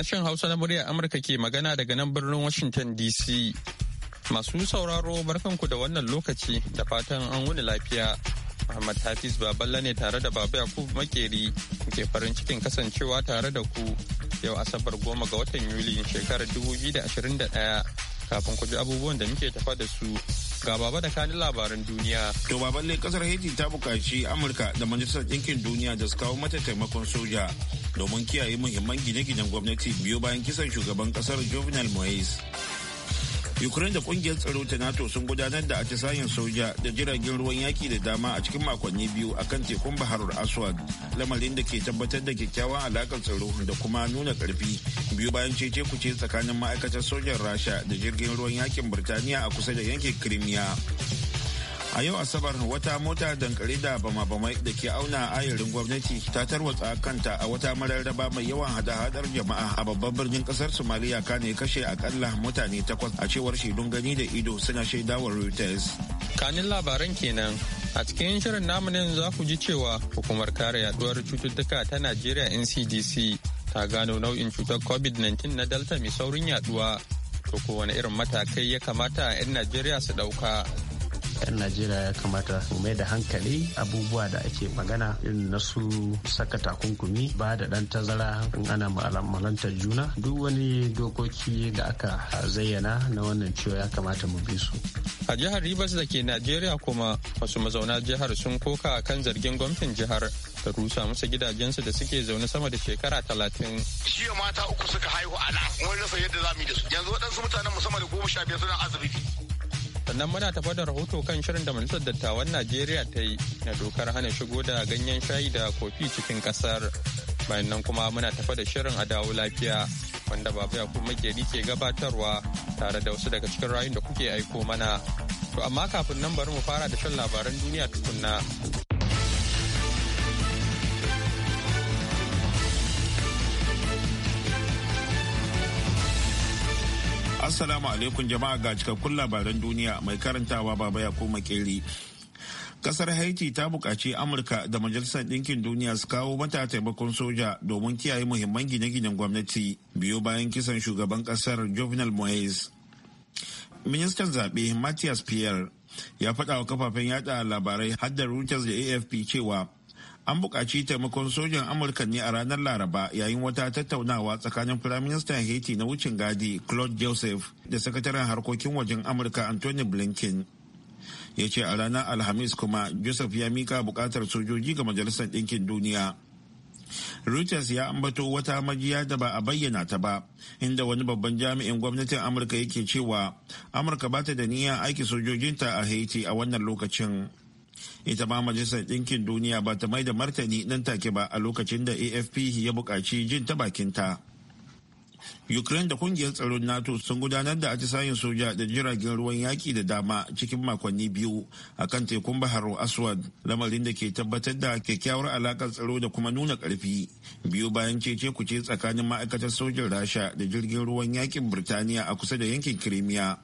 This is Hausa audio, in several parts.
Sashen Hausa na muryar Amurka ke magana daga nan birnin Washington DC. Masu sauraro barkanku da wannan lokaci da fatan an wuni lafiya. Muhammad Hafiz Baballa ne tare da Babu Yakubu Makeri ke farin cikin kasancewa tare da ku yau Asabar goma ga watan Yuli shekarar 2021. kafin ku ji abubuwan da muke tafa da su ga baba da kanin labaran duniya. To baban balle kasar Haiti ta bukaci Amurka da Majalisar Ɗinkin Duniya da su kawo mata taimakon soja domin kiyaye muhimman gine-ginen gwamnati biyu bayan kisan shugaban kasar Jovenel Moise. ukraine da kungiyar tsaro ta nato sun gudanar da atisayen soja da jiragen ruwan yaki da dama a cikin makonni biyu a kan tekun baharar aswad lamarin da ke tabbatar da kyakkyawan alakar tsaro da kuma nuna karfi biyu bayan cece kuce tsakanin ma'aikatar sojan rasha da jirgin ruwan yakin birtaniya a kusa da yankin kirimiya a yau asabar wata mota dankare da bama-bamai da ke auna ayarin gwamnati ta tarwatsa kanta a wata mararraba mai yawan hada-hadar jama'a a babban birnin kasar somaliya kane kashe akalla mutane takwas a cewar shaidun gani da ido suna shaidawar reuters kanin labaran kenan a cikin shirin namunin za ku ji cewa hukumar kare yaduwar cututtuka ta najeriya ncdc ta gano nau'in cutar covid-19 na delta mai saurin yaduwa to wani irin matakai ya kamata 'yan najeriya su ɗauka. 'yan najeriya ya kamata mu mai da hankali abubuwa da ake magana irin na su saka takunkumi ba da dan tazara in ana mu'amalantar juna duk wani dokoki da aka zayyana na wannan cewa ya kamata mu bi su a jihar ribas da ke najeriya kuma wasu mazauna jihar sun koka a kan zargin gwamnatin jihar da rusa musu gidajensu da suke zaune sama da shekara talatin. Jiya mata uku suka haihu ana wani rasa yadda za mu yi da su. Yanzu waɗansu mutanen musamman sama da goma sha biyar suna asibiti. sannan muna tafa da rahoto kan shirin da majalisar dattawan najeriya ta yi na dokar hana shigo da ganyen shayi da kofi cikin kasar bayan nan kuma muna tafa da shirin a dawo lafiya wanda baba yakub makeri ke gabatarwa tare da wasu daga cikin rayun da kuke aiko mana to amma kafin nan bari mu fara da shan labaran duniya tukunna Assalamu alaikum jama'a ga cikakkun labaran duniya mai karantawa baba ya koma keri. Kasar Haiti ta buƙaci Amurka da Majalisar Ɗinkin Duniya su kawo mata taimakon soja domin kiyaye muhimman gine-ginen gwamnati biyo bayan kisan shugaban kasar Jovenel Moise. Ministan zaɓe Matthias Pierre ya faɗa wa kafafen yada labarai haddar Reuters da AFP cewa an buƙaci taimakon sojan amurka ne a ranar laraba yayin wata tattaunawa tsakanin firaministan haiti na wucin gadi claude joseph da sakataren harkokin wajen amurka anthony blinken ya ce a ranar alhamis kuma joseph ya mika buƙatar sojoji ga majalisar ɗinkin duniya reuters ya ambato wata majiya da ba a bayyana ta ba inda wani babban jami'in gwamnatin amurka yake cewa amurka ba ta da niyyar aiki sojojinta a haiti a wannan lokacin ita ma majalisar ɗinkin duniya ba ta mai da martani nan take ba a lokacin da afp ya buƙaci jin ta bakinta ukraine da kungiyar tsaron nato sun gudanar da atisayen soja da jiragen ruwan yaƙi da dama cikin makonni biyu a kan tekun bahar aswad lamarin da ke tabbatar da kyakkyawar alakar tsaro da kuma nuna ƙarfi biyu bayan cece kuce tsakanin ma'aikatar sojin rasha da jirgin ruwan yaƙin birtaniya a kusa da yankin kirimiya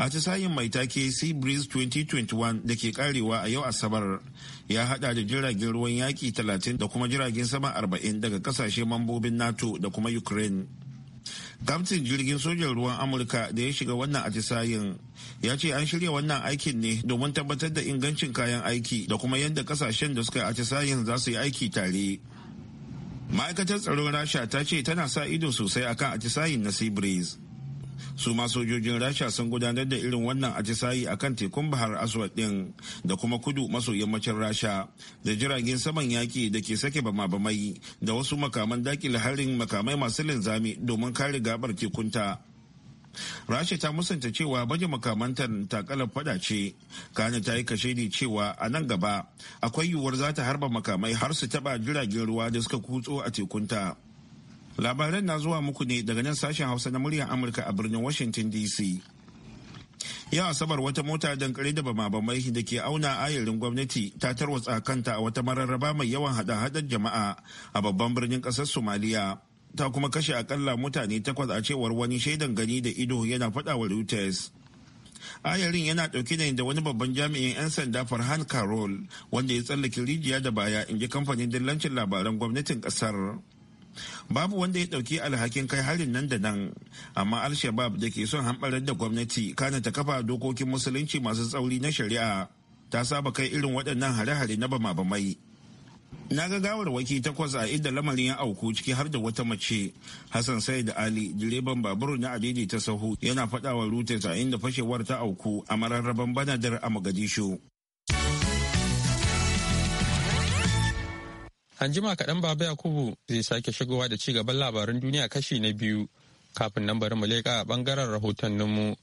atisayin mai take sea breeze 2021 da ke karewa a yau asabar ya hada da jiragen ruwan yaki 30 da kuma jiragen sama 40 daga kasashe mambobin nato da kuma ukraine Kamtin jirgin sojan ruwan Amurka da ya shiga wannan atisayin ya ce an shirya wannan aikin ne domin tabbatar da ingancin kayan aiki da kuma yadda kasashen da suka atisayin za su yi aiki tare. Ma'aikatar tsaron Rasha ta ce tana sa ido sosai akan atisayin na Sea Breeze. su ma sojojin rasha sun gudanar da irin wannan atisayi a kan tekun bahar aswad din da kuma kudu maso yammacin rasha da jiragen saman yaki da ke sake bama-bamai da wasu makaman dakile harin makamai masu linzami domin kare gabar tekunta rasha ta musanta cewa baje makamantar takalar fada ce kana ta yi kashedi cewa a nan gaba akwai yiwuwar za ta harba makamai har su taba jiragen ruwa da suka kutso a tekunta labaran na zuwa muku ne daga nan sashen hausa na muryar amurka a birnin washington dc yau asabar wata mota dankare da bama-bamai da ke auna ayarin gwamnati ta tarwatsa kanta a wata mararraba mai yawan hada-hadar jama'a a babban birnin kasar somaliya ta kuma kashe akalla mutane takwas a cewar wani shaidan gani da ido yana fada wa reuters ayarin yana ɗauke ne da wani babban jami'in 'yan sanda farhan carol wanda ya tsallake rijiya da baya in ji kamfanin dillancin labaran gwamnatin ƙasar babu wanda ya dauki alhakin kai harin nan da nan amma al-shabab da ke son hamɓarar da gwamnati kana ta kafa dokokin musulunci masu tsauri na shari'a ta saba kai irin waɗannan hare-hare na bama-bamai na ga waki takwas a inda lamarin ya auku ciki har da wata mace hassan said ali direban babur na adidi ta sahu yana faɗawa rutes a inda fashewar ta auku a mararraban banadar a mogadishu An jima kaɗan Baba Yakubu zai sake shigowa da ci gaban labaran duniya kashi na biyu kafin nan bari mu leƙa a ɓangaren rahotanninmu.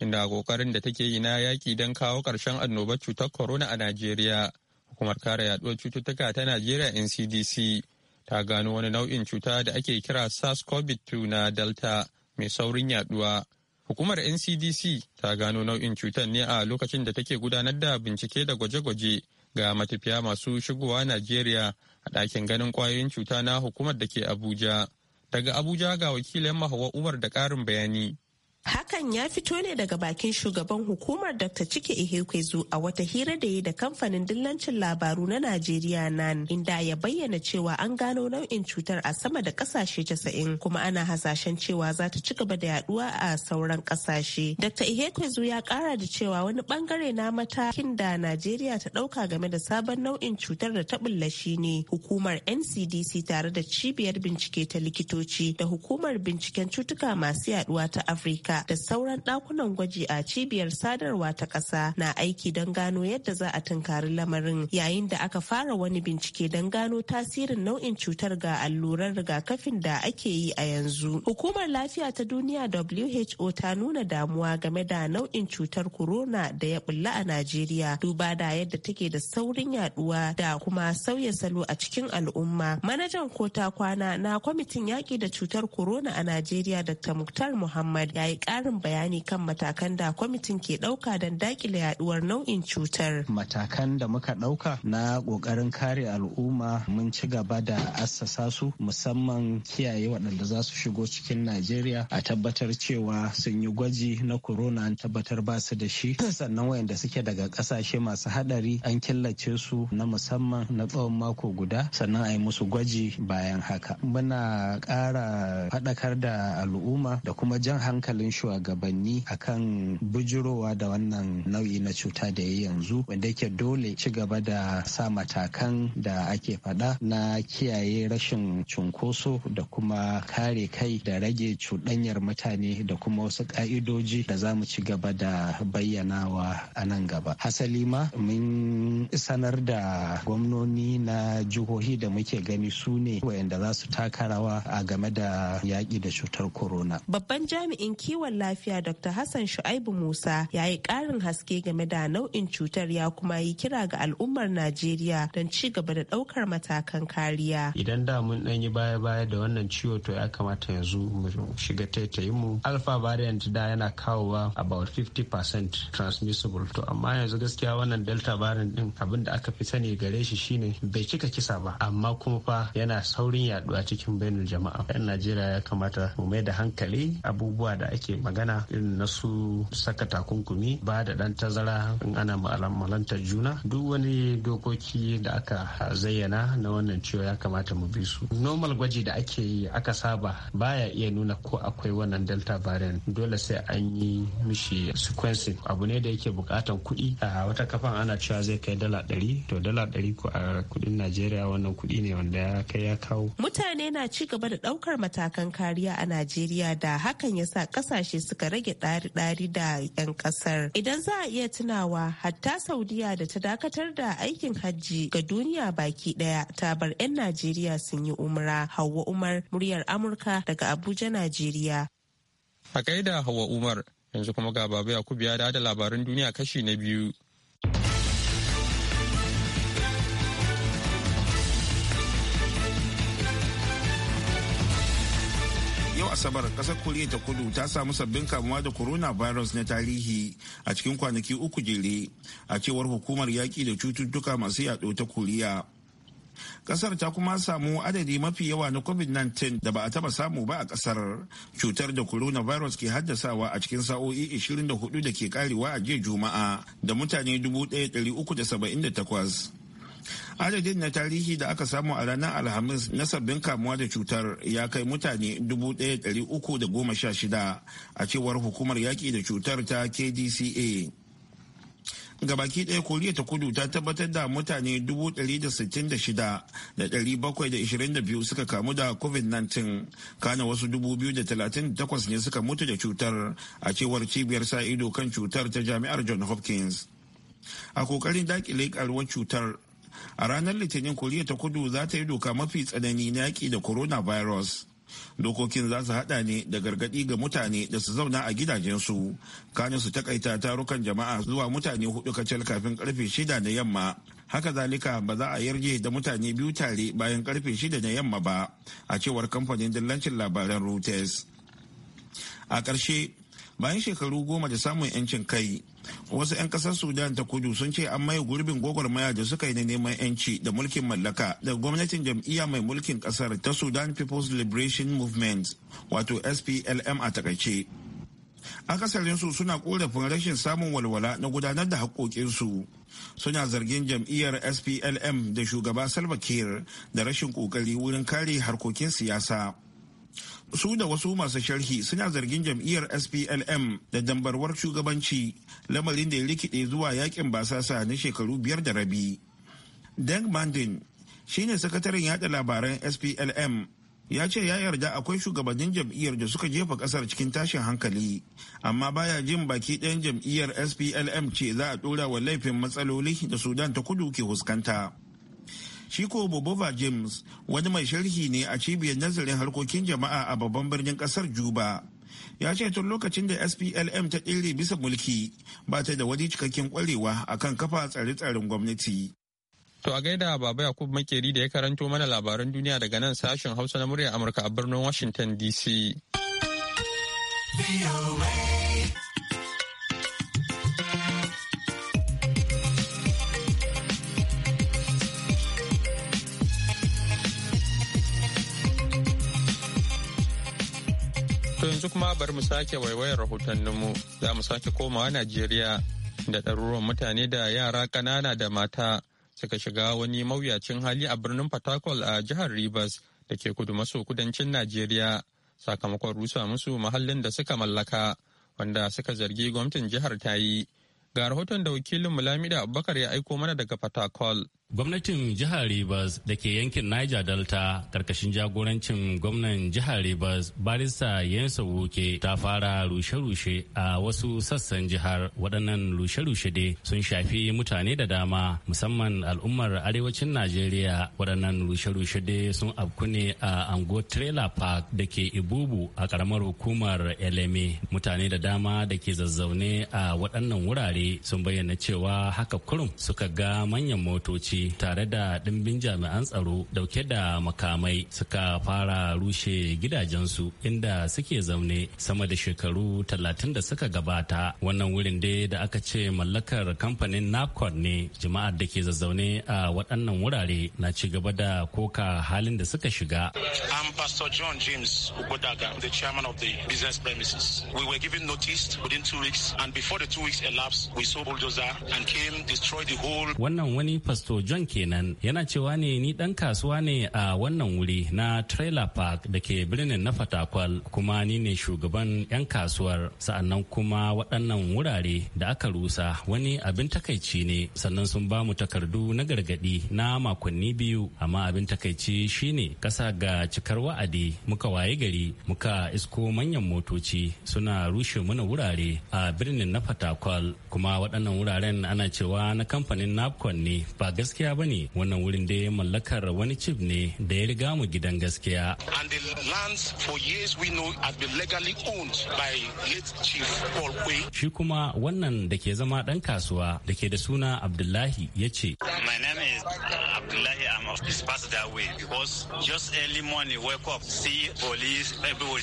Inda ƙoƙarin da take yi na yaƙi don kawo ƙarshen annobar cutar corona a Najeriya, hukumar kare yaɗuwar cututtuka ta Najeriya NCDC ta gano wani nau'in cuta da ake kira SARS-CoV-2 na Delta mai saurin yaɗuwa. Hukumar NCDC ta gano nau'in cutar ne a lokacin da take gudanar da bincike da gwaje-gwaje ga matafiya masu shigowa Najeriya a ɗakin ganin ƙwayoyin cuta na hukumar da ke Abuja. Daga Abuja ga wakilin Mahawa Umar da ƙarin bayani. Hakan ya fito ne daga bakin shugaban hukumar Dr. Cike Ihekwezu a wata hira da yi da kamfanin dillancin labaru na Najeriya nan inda ya bayyana cewa an gano nau'in cutar a sama da kasashe 90 kuma ana hasashen cewa za ta ci gaba da yaduwa a sauran kasashe. Dr. Ihekwezu ya kara da cewa wani bangare na matakin da Najeriya ta dauka game da sabon nau'in cutar da ta bulla ne. hukumar NCDC tare da cibiyar bincike ta likitoci da hukumar binciken cutuka masu yaduwa ta Afirka. da sauran dakunan gwaji a cibiyar sadarwa ta ƙasa na aiki don gano yadda za a tunkari lamarin yayin da aka fara wani bincike don gano tasirin nau'in cutar ga alluran rigakafin da ake yi a yanzu. Hukumar lafiya ta duniya WHO ta nuna damuwa game da nau'in cutar corona da ya bulla a Najeriya duba da yadda take da saurin yaduwa da kuma sauya salo a cikin al'umma. Manajan kota kwana na kwamitin yaƙi da cutar corona a Najeriya Dr. Muktar Muhammad ya yi ƙarin bayani kan matakan da kwamitin ke ɗauka don dakile yaduwar nau'in cutar. Matakan da muka ɗauka na ƙoƙarin kare al'umma mun ci gaba da assasa su musamman kiyaye waɗanda za su shigo cikin Najeriya a tabbatar cewa sun yi gwaji na corona an tabbatar ba su da shi sannan wayanda suke daga ƙasashe masu haɗari an killace su na musamman na tsawon mako guda sannan a yi musu gwaji bayan haka. Muna ƙara faɗakar da al'umma da kuma jan hankalin shugabanni akan bujurowa da wannan nau'i na cuta da ya yanzu wanda yake dole ci gaba da sa matakan da ake faɗa na kiyaye rashin cunkoso da kuma kare kai da rage cuɗanyar mutane da kuma wasu ƙa'idoji da za mu ci gaba da bayyanawa a nan gaba. Hasali ma mun sanar da gwamnoni na jihohi da muke gani su ne wayanda za su taka rawa a game da yaƙi da cutar corona. Babban jami'in ki. kiwon lafiya Dr. Hassan Shu'aibu Musa ya yi ƙarin haske game da nau'in cutar ya kuma yi kira ga al'ummar Najeriya don ci gaba da ɗaukar matakan kariya. Idan da mun ɗan yi baya-baya da wannan ciwo to ya kamata yanzu mu shiga taitayin mu. Alpha variant da yana kawowa about 50% transmissible to amma yanzu gaskiya wannan delta variant din abin da aka fi sani gare shi shine bai cika kisa ba amma kuma fa yana saurin yaduwa cikin bainar jama'a. 'Yan Najeriya ya kamata mu mai da hankali abubuwa da ake ake magana irin na su saka takunkumi ba da ɗan tazara in ana mu'amalantar juna duk wani dokoki da aka zayyana na wannan cewa ya kamata mu bi su normal gwaji da ake yi aka saba baya iya nuna ko akwai wannan delta variant dole sai an yi mishi sequencing abu ne da yake bukatan kuɗi a wata kafan ana cewa zai kai dala ɗari to dala ɗari ko a kuɗin najeriya wannan kuɗi ne wanda ya kai ya kawo mutane na ci gaba da ɗaukar matakan kariya a najeriya da hakan ya sa ƙasa kasashe suka rage ɗari-ɗari da 'yan ƙasar. Idan za a iya tunawa hatta Saudiya da ta dakatar da aikin hajji ga duniya baki ɗaya ta bar 'yan Najeriya sun yi umra. Hauwa Umar muryar Amurka daga Abuja, Najeriya. A gaida Hauwa Umar yanzu kuma ga Babu Yakubu ya da labaran duniya kashi na biyu. asabar kasar koriya ta kudu ta samu sabbin kamuwa da corona virus na tarihi a cikin kwanaki uku jere a cewar hukumar yaƙi da cututtuka masu yaɗo ta koriya kasar ta kuma samu adadi mafi yawa na covid-19 da ba a taba samu ba a kasar cutar da corona virus ke haddasawa a cikin sa'o'i 24 da ke karewa a jiya juma'a da mutane 1378 adadin na tarihi da aka samu a ranar alhamis na sabbin kamuwa da cutar ya kai mutane 1,316 a cewar hukumar yaƙi da cutar ta kdca gabaki ɗaya koriya ta kudu ta tabbatar da mutane 166,722 suka kamu da covid-19 kana wasu 2,038 ne suka mutu da cutar a cewar cibiyar sa ido kan cutar ta jami'ar john hopkins a kokarin dakile karuwar cutar a ranar litinin koriya ta kudu za ta yi doka mafi tsanani na yaƙi da coronavirus dokokin za su hada ne da gargadi ga mutane da su zauna a gidajensu kanin su takaita tarukan jama'a zuwa mutane hudu kacal kafin karfe shida na yamma haka zalika ba za a yarje da mutane biyu tare bayan karfe shida na yamma ba a cewar kamfanin dillancin labaran reuters a ƙarshe bayan shekaru goma da samun 'yancin kai wasu 'yan kasar sudan ta kudu sun ce an maye gurbin gwagwarmaya da suka yi na neman 'yanci da mulkin mallaka da gwamnatin jam'iyya mai mulkin kasar ta sudan people's liberation movement wato splm a takaice akasarinsu suna korafin rashin samun walwala na gudanar da haƙoƙinsu suna zargin jam'iyyar splm da shugaba salva kiir da rashin ƙoƙari wurin kare harkokin siyasa su da wasu masu sharhi suna zargin jam'iyyar SPLM da dambarwar shugabanci lamarin da ya rikide zuwa yakin basasa na shekaru biyar da rabi. Deng Mandin shine sakataren yada labaran SPLM ya ce ya yarda akwai shugabannin jam'iyyar da suka jefa kasar cikin tashin hankali amma baya jin baki ɗayan jam'iyyar SPLM ce za a ɗora wa laifin matsaloli da Sudan ta kudu ke fuskanta. Shi ko James wani mai sharhi ne a cibiyar nazarin harkokin jama'a a babban birnin kasar Juba. Ya ce tun lokacin da SPLM ta ɗire bisa mulki ba ta da wani cikakken kwarewa kan kafa tsare-tsaren gwamnati. To a gaida Baba yakub Makeri da ya karanto mana labaran duniya daga nan sashen Hausa na muryar Amurka a birnin Washington DC. yanzu kuma bari mu sake waiwayar rahotanninmu za mu sake komawa Najeriya da ɗaruruwan mutane da yara ƙanana da mata suka shiga wani mawuyacin hali a birnin Fatakwal a jihar Rivers da ke kudu maso kudancin Najeriya sakamakon rusa musu mahallin da suka mallaka wanda suka zargi gwamnatin jihar ta yi. Ga rahoton da wakilin Mulamida Abubakar ya aiko mana daga Fatakwal. Gwamnatin jihar Rivers da ke yankin Niger Delta karkashin jagorancin gwamnan jihar Rivers Barista Yensa wuke ta fara rushe-rushe a wasu sassan jihar waɗannan rushe-rushe dai sun shafi mutane da dama musamman al'ummar arewacin Najeriya waɗannan rushe-rushe dai sun afku a Ango Trailer Park da ke Ibubu a ƙaramar hukumar Eleme mutane da dama da ke zazzaune a waɗannan wurare sun bayyana cewa haka kurum suka ga manyan motoci sojoji tare da ɗimbin jami'an tsaro dauke da makamai suka fara rushe gidajensu inda suke zaune sama da shekaru talatin da suka gabata wannan wurin dai da aka ce mallakar kamfanin napcon ne jama'ar da ke zazzaune a waɗannan wurare na ci gaba da koka halin da suka shiga. I'm Pastor John James Ugodaga, the chairman of the business premises. We were given notice within two weeks and before the two weeks elapsed we saw bulldozer and came destroy the whole. Wannan wani Pastor john kenan yana cewa ne ni dan kasuwa ne a wannan wuri na trailer park da ke birnin na fatakwal kuma ni ne shugaban 'yan kasuwar sa'annan kuma waɗannan wurare da aka rusa wani abin takaici ne sannan sun ba mu takardu na gargadi na makonni biyu amma abin takaici shine kasa ga cikar wa'adi muka waye gari muka isko manyan motoci suna rushe mana wurare a birnin na fatakwal kuma waɗannan wuraren ana cewa na kamfanin napcon ne ba gaskiya gaskiya ba ne wannan wurin da ya mallakar wani cif ne da ya riga mu gidan gaskiya. And the lands for years we know has been legally owned by late chief Paul Shi kuma wannan da ke zama ɗan kasuwa da ke da suna Abdullahi ya ce. My name is Abdullahi, Amos is this past that way because just early morning wake up see police everywhere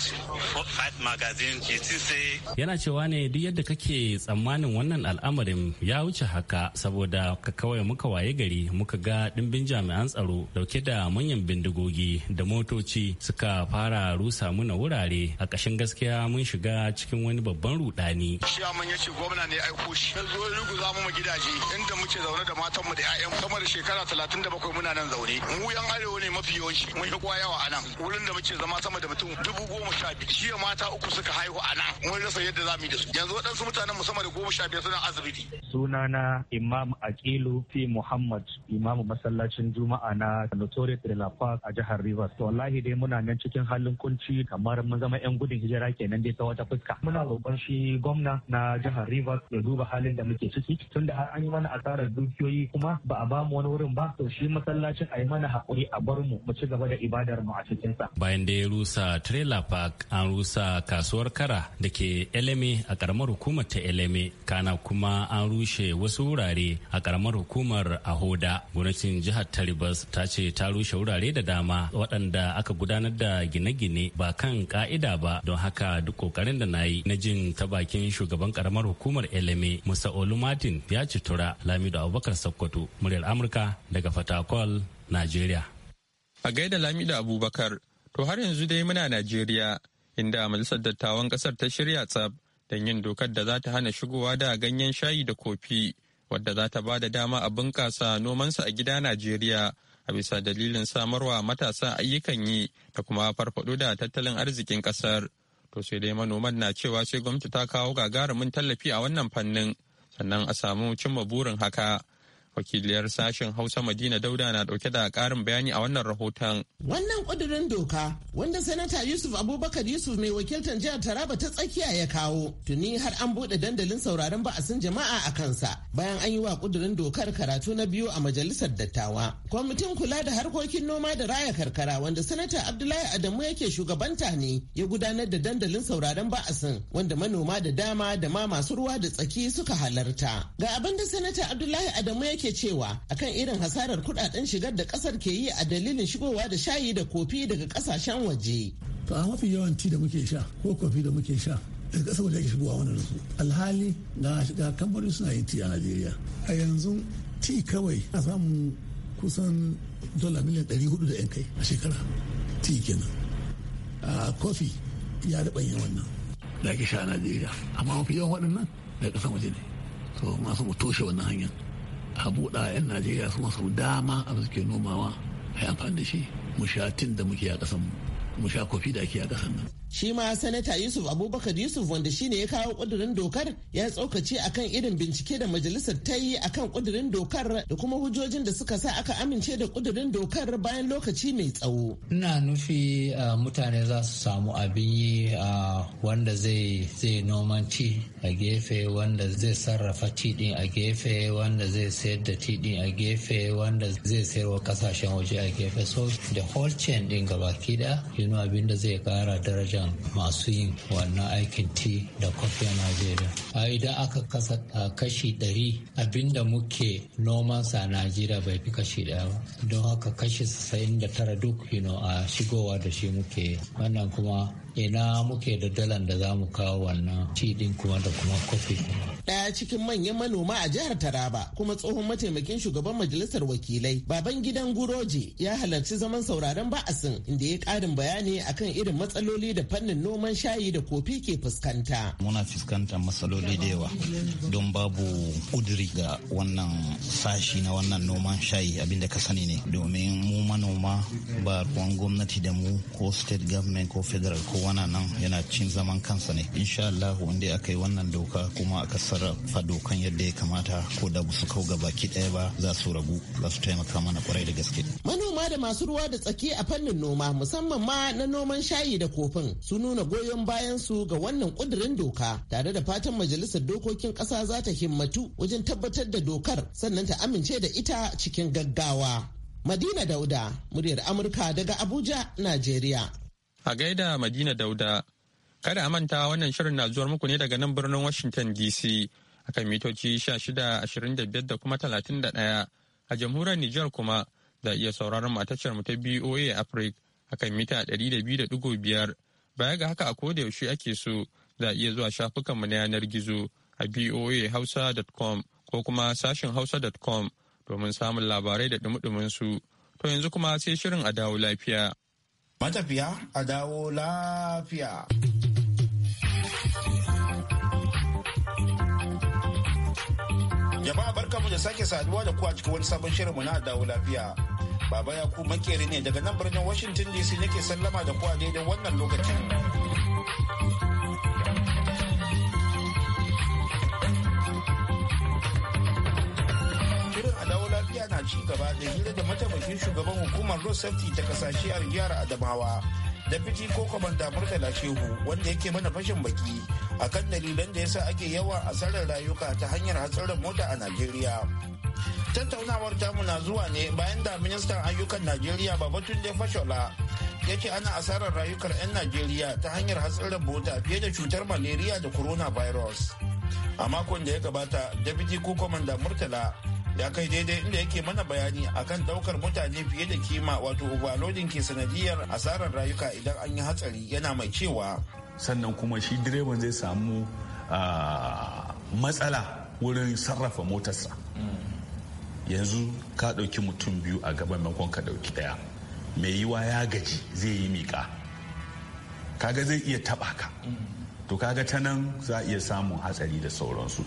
fight magazine he still say. Yana cewa ne duk yadda kake tsammanin wannan al'amarin ya wuce haka saboda ka kawai muka waye gari muka ga dimbin jami'an tsaro dauke da manyan bindigogi da motoci suka fara rusa muna wurare a ƙashin gaskiya mun shiga cikin wani babban rudani. Shaman ya ce gwamna ne aiko shi. Ya zo ruguza mu gidaje inda muke zaune da matanmu da 'ya'yan kamar shekara talatin bakwai muna nan zaune mu yan arewa ne mafi yawanci mun yi kwa yawa a nan wurin da muke zama sama da mutum dubu goma sha biyu shi mata uku suka haihu a nan mun rasa yadda za mu yi da su yanzu waɗansu mutanen mu sama da goma sha biyar suna asibiti. sunana imam akilu fi muhammad imam masallacin juma'a na notorious de la paz a jihar rivers to wallahi dai muna nan cikin halin kunci kamar mun zama yan gudun hijira kenan dai ta wata fuska muna roƙon shi gwamna na jihar rivers ya duba halin da muke ciki tunda har an yi mana asarar dukiyoyi kuma ba a bamu wani wurin ba to shi shi masallacin a yi mana haƙuri a bar mu mu ci gaba da ibadar mu a cikinsa. Bayan da ya rusa trailer park an rusa kasuwar kara da ke Eleme a karamar hukumar ta Eleme kana kuma an rushe wasu wurare a karamar hukumar Ahoda. Gwamnatin jihar Taribas ta ce ta rushe wurare da dama waɗanda aka gudanar da gine-gine ba kan ka'ida ba don haka duk ƙoƙarin da na yi na jin ta bakin shugaban karamar hukumar Eleme Musa Olu Martin ya ci tura Lamido Abubakar Sokoto muryar Amurka daga Fata. protocol Najeriya. A gaida Lamida Abubakar, to har yanzu dai muna Najeriya, inda Majalisar Dattawan kasar ta shirya tsab don yin dokar da za ta hana shigowa da ganyen shayi da kofi, wadda za ta ba da dama a bunƙasa nomansa a gida Najeriya. a bisa dalilin samarwa matasa ayyukan yi da kuma farfaɗo da tattalin arzikin ƙasar to sai dai manoman na cewa sai gwamnati ta kawo gagarumin tallafi a wannan fannin sannan a samu cimma burin haka wakiliyar sashen hausa madina dauda na dauke da karin bayani a wannan rahoton wannan kudirin doka wanda sanata yusuf abubakar yusuf mai wakiltar jihar taraba ta tsakiya ya kawo tuni har an bude dandalin sauraron ba'asin jama'a a kansa bayan an yi wa kudirin dokar karatu na biyu a majalisar dattawa kwamitin kula da harkokin noma da raya karkara wanda sanata abdullahi adamu yake shugabanta ne ya gudanar da dandalin sauraron ba'asin wanda manoma da dama da ma masu ruwa da tsaki suka halarta ga abin da sanata abdullahi adamu yake yake cewa akan irin hasarar kudaden shigar da kasar ke yi a dalilin shigowa da shayi da kofi daga kasashen waje. To a mafi yawan ti da muke sha ko kofi da muke sha daga kasar waje ake shigowa wani su. Alhali ga kamfani suna yin ti a Najeriya. A yanzu ti kawai a samu kusan dola miliyan hudu da 'yan kai a shekara. Ti kenan. A kofi ya rabanya wannan. Da ake sha a Najeriya. Amma mafi yawan waɗannan daga kasar waje ne. To masu mu toshe wannan hanyar. a buɗa 'yan najeriya su masu dama abin suke nomawa a yi amfani da shi mu sha tin da muke a ƙasan mu sha kofi da ake a ƙasan nan shi ma sanata yusuf abubakar yusuf wanda shine ya kawo kudurin dokar ya tsokace akan irin bincike da majalisar ta yi akan kudurin dokar da kuma hujjojin da suka sa aka amince da kudurin dokar bayan lokaci mai tsawo ina nufi mutane za su samu abin yi wanda zai zai noman ci a gefe wanda zai sarrafa ci a gefe wanda zai sayar da ci a gefe wanda zai sayarwa kasashen waje a gefe so the whole chain din gabaki da yi abin da zai kara daraja da masu yin wannan aikin ti da kofi a Najeriya. A idan aka kasa kashi ɗari abinda muke nomansa a Najeriya bai fi kashi ɗaya ba. Don haka kashi tara, duk a shigowa da shi muke wannan kuma ina muke da dalan da za mu kawo wannan ci kuma da kuma kofi Daya cikin manyan manoma a jihar Taraba kuma tsohon mataimakin shugaban majalisar wakilai baban gidan Guroje ya halarci zaman sauraron ba'asin inda ya karin bayani akan irin matsaloli da fannin noman shayi da kofi ke fuskanta. Muna fuskantar matsaloli da yawa don babu kudiri ga wannan sashi na wannan noman shayi abinda ka sani ne domin mu manoma ba ruwan gwamnati da mu ko state government ko federal ko kowana nan yana cin zaman kansa ne insha Allah wanda aka yi wannan doka kuma aka sarrafa dokan yadda ya kamata ko da su kau ga baki ɗaya ba za su ragu za su taimaka mana kwarai da gaske manoma da masu ruwa da tsaki a fannin noma musamman ma na noman shayi da kofin su nuna goyon bayan su ga wannan kudirin doka tare da fatan majalisar dokokin kasa za ta himmatu wajen tabbatar da dokar sannan ta amince da ita cikin gaggawa Madina Dauda, muryar Amurka daga Abuja, Najeriya. A gaida Madina Dauda, kada a manta wannan shirin na zuwar muku ne daga nan birnin Washington DC akan mitoci 1625 da kuma 31 a jamhuriyar Nijar kuma za iya sauraron matacciyar mu ta BOA Africa kan mita 200.5 baya ga haka a koda yaushe ake so za iya zuwa shafukanmu na yanar gizo a boahausa.com ko kuma sashin hausa.com domin samun labarai da dumudumin su to yanzu kuma sai shirin a dawo lafiya. Matafiya a dawo lafiya. Jama'a barkamu da sake saduwa da ku a cikin wani sabon shirinmu na dawo lafiya. Baba ya ku makeri ne daga nan birnin Washington DC nake sallama da ku a daidai wannan lokacin. yana na ci gaba da hira da mataimakin shugaban hukumar road safety ta kasashe a jihar adamawa dafiti ko kwamanda murtala shehu wanda yake mana fashin baki kan dalilan da yasa ake yawa a asarar rayuka ta hanyar hatsarin mota a najeriya tattaunawar tamu na zuwa ne bayan da ministan ayyukan najeriya da fashola ya ce ana asarar rayukar 'yan najeriya ta hanyar hatsarin mota fiye da cutar malaria da coronavirus a makon da ya gabata dabiti ko kwamanda murtala ya kai daidai inda yake mana bayani akan daukar mutane fiye da kima wato overloading ke sanadiyar asarar rayuka idan an yi hatsari yana mai cewa sannan kuma shi direban zai samu matsala wurin sarrafa motarsa yanzu ka ɗauki mutum biyu a gaban makon ka ɗauki ɗaya mai yiwa ya gaji zai yi miƙa kaga zai iya taɓa ka to kaga ta nan za a iya samun hatsari da sauransu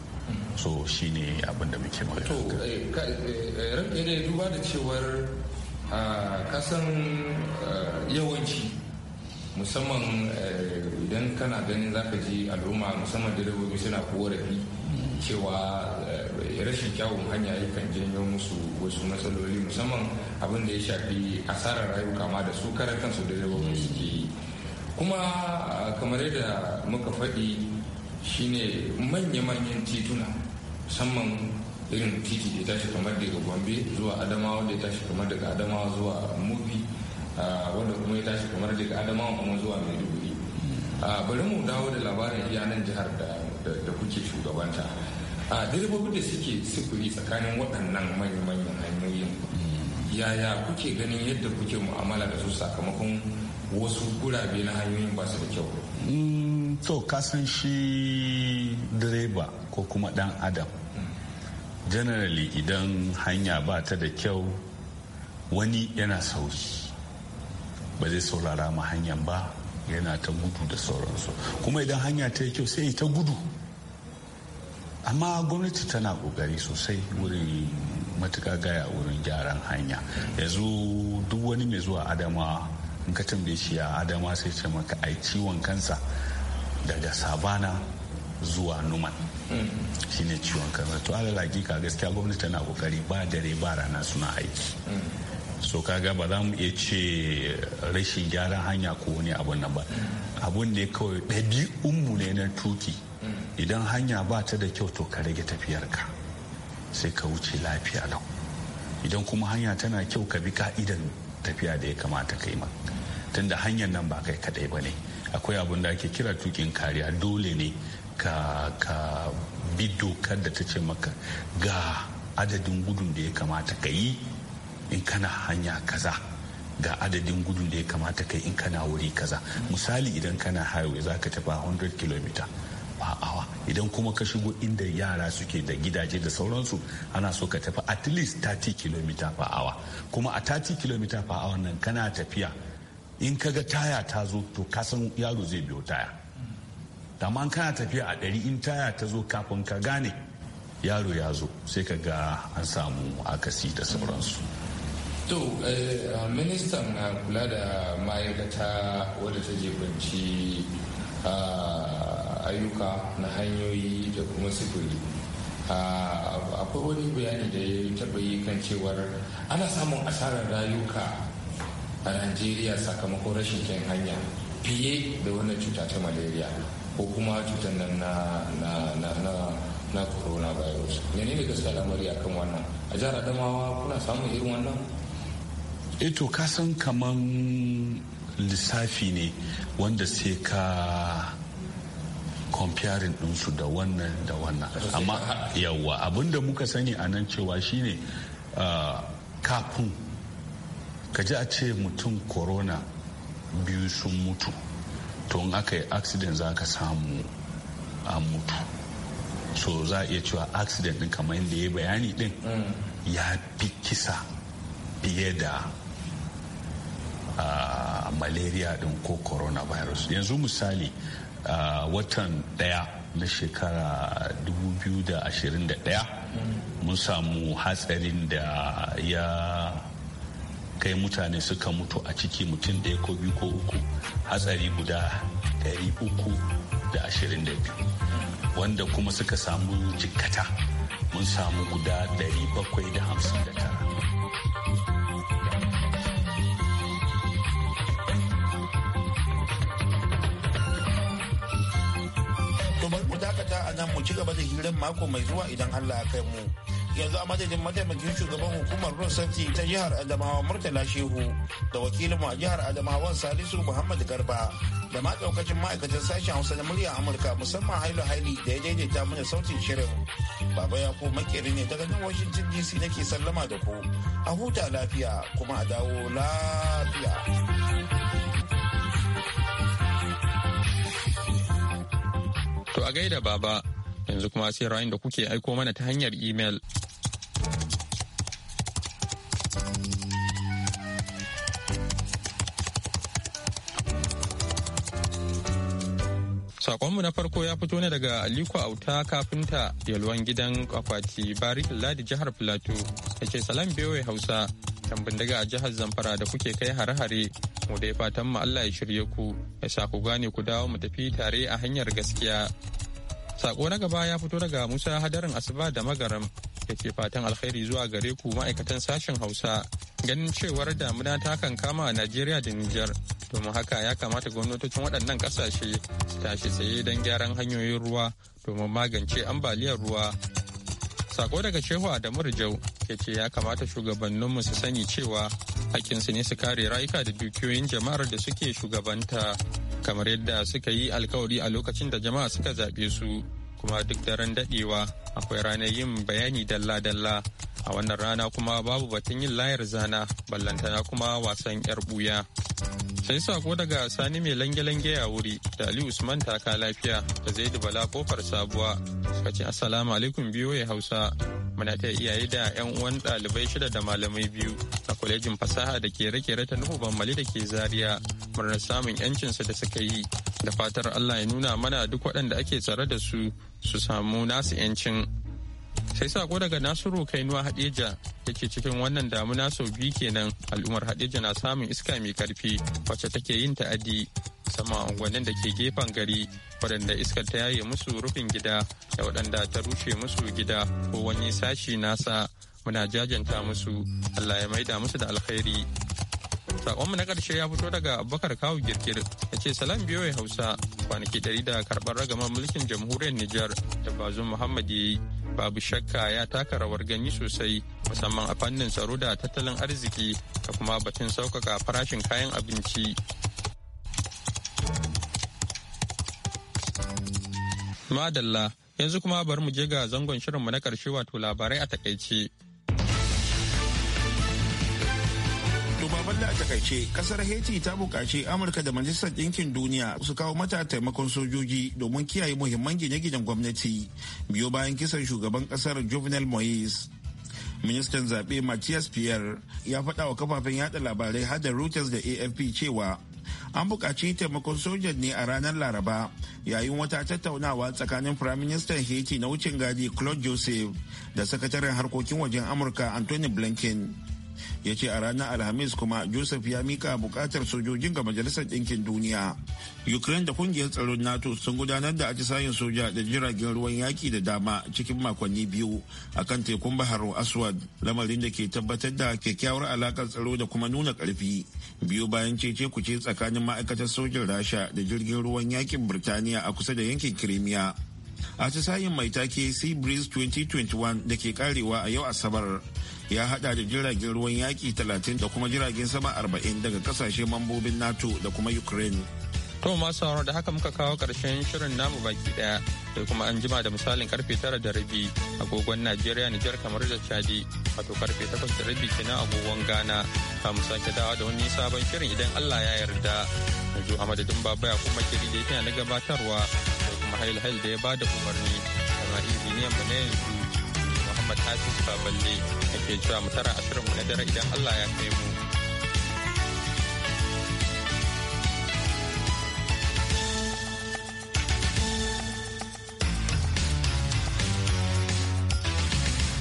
so shine abin da muke magana to eh, eh, eh, ranke duba da cewar ah, kasan yawanci musamman idan kana ganin zaka ji al'umma musamman direbobi suna korafi cewa rashin kyawun hanya yakan janyo musu wasu matsaloli musamman abin da ya shafi asarar rayuka ma da su karan kansu direbobi suke yi kuma kamar yadda muka faɗi shine manya-manyan tituna musamman irin titi da ya tashi kamar daga gombe zuwa adamawa da ya tashi kamar daga adamawa zuwa mubi wanda kuma ya tashi kamar daga adamawa kuma zuwa maiduguri bari mu dawo da labarin iyanan jihar da kuke shugabanta a direbobin da suke sufuri tsakanin waɗannan manya-manyan hanyoyin yaya kuke ganin yadda kuke mu'amala da su sakamakon wasu gurabe na hanyoyin ba su da kyau mm, to kasan shi direba ko kuma dan adam generally idan hanya ba ta da kyau wani yana sauri ba zai saurara ma hanyar ba yana ta gudu da sauransu kuma idan hanya ta yi kyau sai ta gudu amma gwamnati tana kokari sosai wurin matuka gaya wurin gyaran hanya yanzu duk wani mai zuwa adama in ka tambaye shi a adama sai ce maka ai ciwon kansa daga sabana zuwa numan mm. shine ciwon kansa to alal ka gaskiya gwamnati tana kokari ba dare ba rana suna aiki mm. so kaga ba za mu iya ce rashin gyaran hanya ko wani abun nan ba mm. abun ne kawai ɗabi'unmu ne na tuki idan hanya ba ta da kyau to ka rage tafiyarka sai ka wuce lafiya lau idan kuma hanya tana kyau ka bi ka'idan tafiya da ya kamata ka yi maka tunda hanyar nan ba kai kadai ba ne akwai abun da ake kira tukin kariya dole ne ka ka bi dokar da ta ce maka ga adadin gudun da ya kamata ka yi in kana hanya kaza ga adadin gudun da ya kamata kai in kana wuri kaza misali idan kana highway za ka tafi 100 km ba awa idan kuma ka shigo inda yara suke da gidaje da sauransu ana so ka tafi at least 30 km per hour kuma a 30 km per hour nan kana tafiya in kaga taya ta zo to kasan yaro zai biyo taya amma kana tafiya a ɗari in taya ta zo kafin ka gane yaro ya zo sai ka ga an samu akasi da sauransu to eh, ministan na kula da ma'aikata wadda ta jebanci ah, ayyuka na hanyoyi da kuma sifiri ah, akwai wani bayani da ya taɓa yi kan cewar ana samun asarar rayuka a najeriya sakamakon rashin kyan hanya fiye da wannan cuta ta malaria ko kuma cutar nan na na na na na coronavirus ne gaskiya lamari akan wannan a jihar adamawa kuna samun irin wannan eto eh ka san kaman lissafi ne wanda sai ka comparing ɗinsu da wannan da wannan amma yawa abinda muka sani a nan cewa shine ah, kafin ka ji a ce mutum corona biyu sun mutu to in aka yi accident za ka samu a mutu so za a iya cewa accident din kamar yadda ya bayani din ya fi kisa fiye da malaria din ko corona virus. yanzu misali watan daya na shekara 2021 mun samu hatsarin da ya kai mutane suka mutu a ciki mutum ɗaya ko biyu ko uku hatsari guda ɗari uku da ashirin da biyu wanda kuma suka samu jikata mun samu guda ɗari bakwai da hamsin da tara mu dakata a nan mu ci gaba da hirar mako mai zuwa idan Allah ya kai mu. yanzu a madadin mataimakin shugaban hukumar rosati ta jihar adamawa murtala shehu da wakilinmu a jihar adamawa salisu muhammad garba da ma daukacin ma'aikatan sashen hausa na murya amurka musamman hailu haili da ya daidaita mana sautin shirin baba ya ko makeri ne daga nan washington dc nake sallama da ku a huta lafiya kuma a dawo lafiya to a gaida baba yanzu kuma sai ra'ayin da kuke aiko mana ta hanyar imel Sakonmu na farko ya fito ne daga Aliko Auta kafinta yalwan gidan akwati Barikin Ladi jihar Filato da ke salam Bewe Hausa can bindiga a jihar Zamfara da kuke kai hare-hare mu dai fatan mu Allah ya shirye ku ya sa ku gane ku dawo mu tafi tare a hanyar gaskiya. Sako na gaba ya fito daga Musa Hadarin Asuba da Magaram da ke fatan alkhairi zuwa gare ku ma'aikatan sashen Hausa ganin cewar damuna ta kan kama a najeriya da nijar domin haka ya kamata gwamnatocin waɗannan ƙasashe su tashi tsaye don gyaran hanyoyin ruwa domin magance ambaliyar ruwa sako daga shehu adamu rijau ya ce ya kamata shugabanninmu su sani cewa su ne su kare rayuka da dukiyoyin jama'ar da suke shugabanta kamar yadda suka yi alkawari a lokacin da jama'a suka zaɓe su kuma duk daren daɗewa akwai ranar yin bayani dalla-dalla a wannan rana kuma babu batun yin layar zana ballantana kuma wasan yar buya sai sako daga sani mai lange-lange a wuri da ali usman taka lafiya da zaidu bala kofar sabuwa ka ce assalamu alaikum biyo ya hausa muna ta iyaye da yan uwan dalibai shida da malamai biyu a kwalejin fasaha da ke kere ta nuhu bammali da ke zaria murnar samun 'yancinsa da suka yi da fatar allah ya nuna mana duk waɗanda ake tsare da su su samu nasu yancin sai sako daga nasiru kainuwa hadeja da ke cikin wannan damuna sau biyu kenan al'ummar hadeja na samun iska mai karfi wacce take yin ta'adi sama unguwannin da ke gefen gari waɗanda iskar ta yaye musu rufin gida da waɗanda ta rushe musu gida ko wani sashi nasa muna jajanta musu allah ya maida musu da alkhairi Sakonmu na ƙarshe ya fito daga Abubakar Kawu Girgir ya ce salam ya Hausa kwanaki ɗari da karɓar ragamar mulkin jamhuriyar Nijar da bazu Muhammad ya yi babu shakka ya taka rawar gani sosai musamman a fannin tsaro da tattalin arziki da kuma batun sauƙaƙa farashin kayan abinci. Madalla yanzu kuma bari mu je ga zangon shirinmu na ƙarshe wato labarai a takaice. takaice kasar haiti ta bukaci amurka da majalisar ɗinkin duniya su kawo mata taimakon sojoji domin kiyaye muhimman gine-ginen gwamnati biyo bayan kisan shugaban kasar juvenal moise ministan zaɓe matthias pierre ya faɗa wa kafafen yada labarai hada reuters da afp cewa an bukaci taimakon sojan ne a ranar laraba yayin wata tattaunawa tsakanin firaministan haiti na wucin gadi claude joseph da sakataren harkokin wajen amurka anthony blinken ya ce a ranar alhamis kuma joseph ya mika bukatar sojojin ga majalisar ɗinkin duniya ukraine da kungiyar tsaron nato sun gudanar da atisayen soja da jiragen ruwan yaki da dama cikin makonni biyu akan tekun bahar aswad lamarin da ke tabbatar da kyakkyawar alakar tsaro da kuma nuna karfi biyu bayan cece kuce tsakanin ma'aikatar sojin rasha da jirgin ruwan yakin birtaniya a kusa da yankin kirimiya atisayen mai take sea breeze 2021 da ke karewa a yau asabar ya hada da jiragen ruwan yaki 30 da kuma jiragen sama 40 daga kasashe mambobin nato da kuma ukraine to masu sauraro da haka muka kawo karshen shirin namu baki daya sai kuma an jima da misalin karfe tara da rabi agogon najeriya nijar kamar da chadi wato karfe takwas da rabi kenan agogon ghana ka mu sake dawa da wani sabon shirin idan allah ya yarda na a madadin babaya ya kuma kiri da yake na gabatarwa da kuma hail hail da ya bada umarni da injiniyan mu na yanzu muhammad hafiz baballe ke cewa mu tara ashirin mu na dare idan Allah ya kai mu.